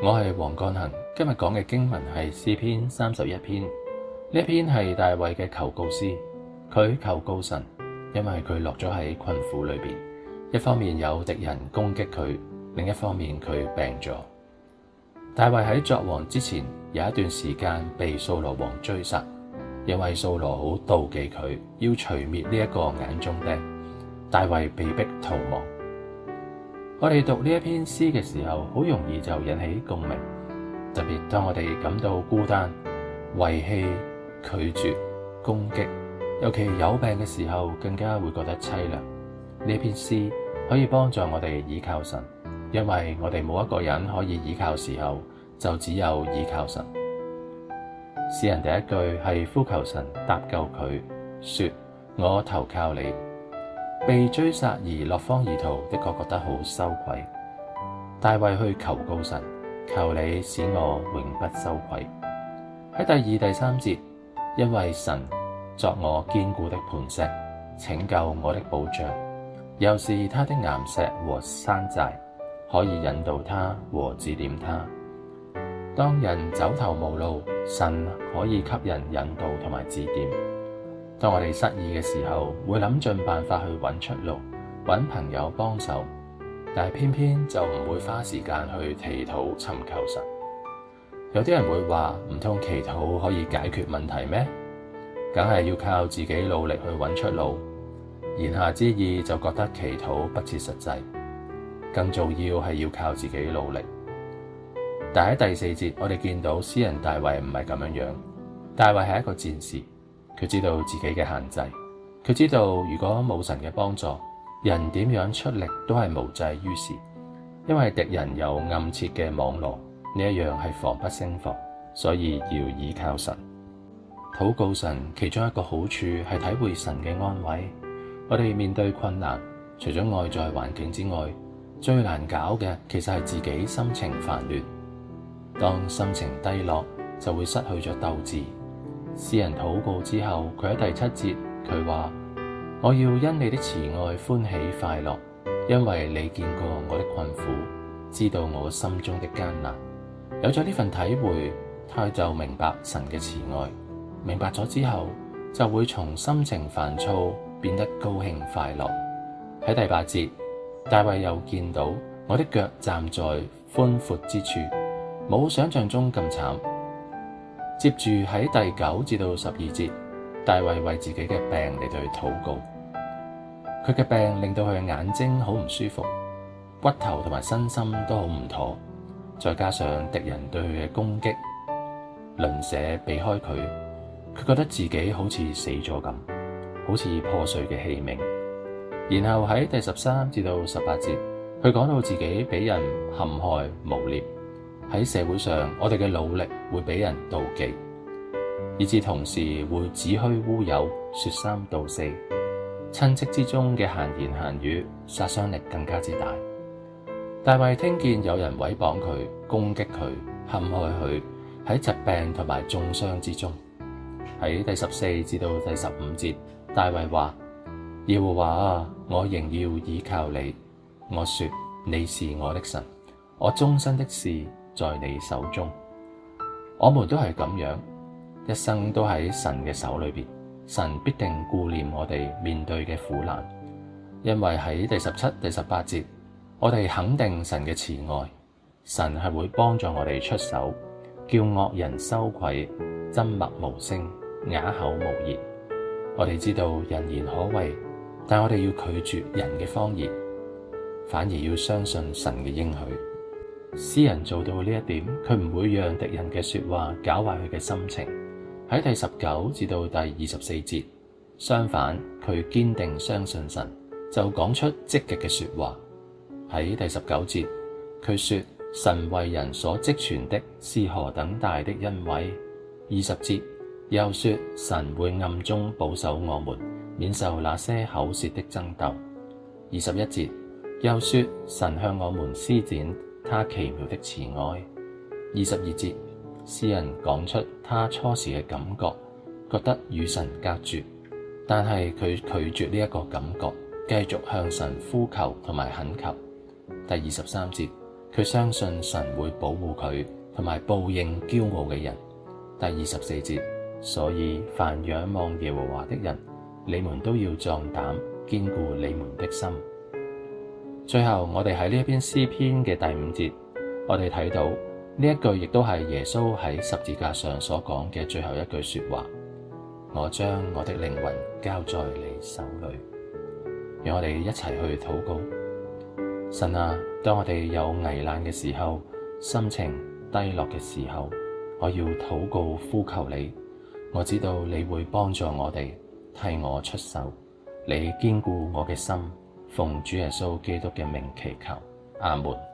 我係黃濠光，今日講嘅經文係詩篇三十一篇，呢篇係大衛嘅求告詩，佢求告神，因為佢落咗喺困苦裏面。一方面有敵人攻擊佢，另一方面佢病咗。大衛喺作王之前有一段時間被掃羅王追殺，因為掃羅好妒忌佢，要除滅呢一個眼中釘，大衛被迫逃亡。我哋讀呢一篇詩嘅時候，好容易就引起共鳴，特別當我哋感到孤單、遺棄、拒絕、攻擊，尤其有病嘅時候，更加會覺得淒涼。呢篇詩可以幫助我哋倚靠神，因為我哋冇一個人可以倚靠時候，就只有倚靠神。詩人第一句係呼求神搭救佢，說：我投靠你。被追殺而落荒而逃，的確覺得好羞愧。大衛去求告神，求你使我永不羞愧。喺第二、第三節，因為神作我堅固的磐石，拯救我的保障，又是他的岩石和山寨，可以引導他和指點他。當人走投無路，神可以給人引導同埋指點。當我哋失意嘅時候，會諗盡辦法去揾出路，揾朋友幫手，但係偏偏就唔會花時間去祈禱尋求神。有啲人會話唔通祈禱可以解決問題咩？梗係要靠自己努力去揾出路。言下之意就覺得祈禱不切實際，更重要係要靠自己努力。但喺第四節，我哋見到詩人大衛唔係咁樣樣。大衛係一個戰士。佢知道自己嘅限制，佢知道如果冇神嘅幫助，人點樣出力都係無濟於事，因為敵人有暗設嘅網羅，呢一樣係防不勝防，所以要倚靠神。禱告神其中一個好處係體會神嘅安慰。我哋面對困難，除咗外在環境之外，最難搞嘅其實係自己心情煩亂。當心情低落，就會失去咗鬥志。詩人禱告之後，佢喺第七節佢話：我要因你的慈愛歡喜快樂，因為你見過我的困苦，知道我心中的艱難。有咗呢份體會，他就明白神嘅慈愛。明白咗之後，就會從心情煩躁變得高興快樂。喺第八節，大衛又見到我的腳站在寬闊之處，冇想象中咁慘。接住，喺第九至到十二節，大衛為自己嘅病嚟到去禱告。佢嘅病令到佢嘅眼睛好唔舒服，骨頭同埋身心都好唔妥，再加上敵人對佢嘅攻擊，鄰舍避開佢，佢覺得自己好似死咗咁，好似破碎嘅器皿。然後喺第十三至到十八節，佢講到自己俾人陷害、誣衊。喺社會上，我哋嘅努力會俾人妒忌，以至同時會子虛烏有，説三道四。親戚之中嘅閒言閒語殺傷力更加之大。大衛聽見有人毀謗佢、攻擊佢、陷害佢，喺疾病同埋重傷之中。喺第十四至到第十五節，大衛話：耶和華啊，我仍要倚靠你。我説你是我的神，我終身的事，在你手中，我們都係咁樣，一生都喺神嘅手裏邊。神必定顧念我哋面對嘅苦難，因為喺第十七、第十八節，我哋肯定神嘅慈愛。神係會幫助我哋出手，叫惡人羞愧，緘默無聲，啞口無言。我哋知道人言可畏，但我哋要拒絕人嘅謊言，反而要相信神嘅應許。詩人做到呢一點，佢唔會讓敵人嘅說話搞壞佢嘅心情。喺第十九至到第二十四節，相反，佢堅定相信神，就講出積極嘅說話。喺第十九節，佢說神為人所積存的是何等大的恩惠。二十節又說神會暗中保守我們，免受那些口舌的爭鬥。二十一節又說神向我們施展。他奇妙的慈愛。二十二節，詩人講出他初時嘅感覺，覺得與神隔絕，但係佢拒絕呢一個感覺，繼續向神呼求同埋懇求。第二十三節，佢相信神會保護佢，同埋報應驕傲嘅人。第二十四節，所以凡仰望耶和華的人，你們都要壯膽，堅固你們的心。最後，我哋喺呢一篇詩篇嘅第五節，我哋睇到呢一句，亦都係耶穌喺十字架上所講嘅最後一句說話。我將我的靈魂交在你手裏，讓我哋一齊去禱告。神啊，當我哋有危難嘅時候，心情低落嘅時候，我要禱告呼求你。我知道你會幫助我哋，替我出手，你堅固我嘅心。奉主耶穌基督嘅名祈求，阿門。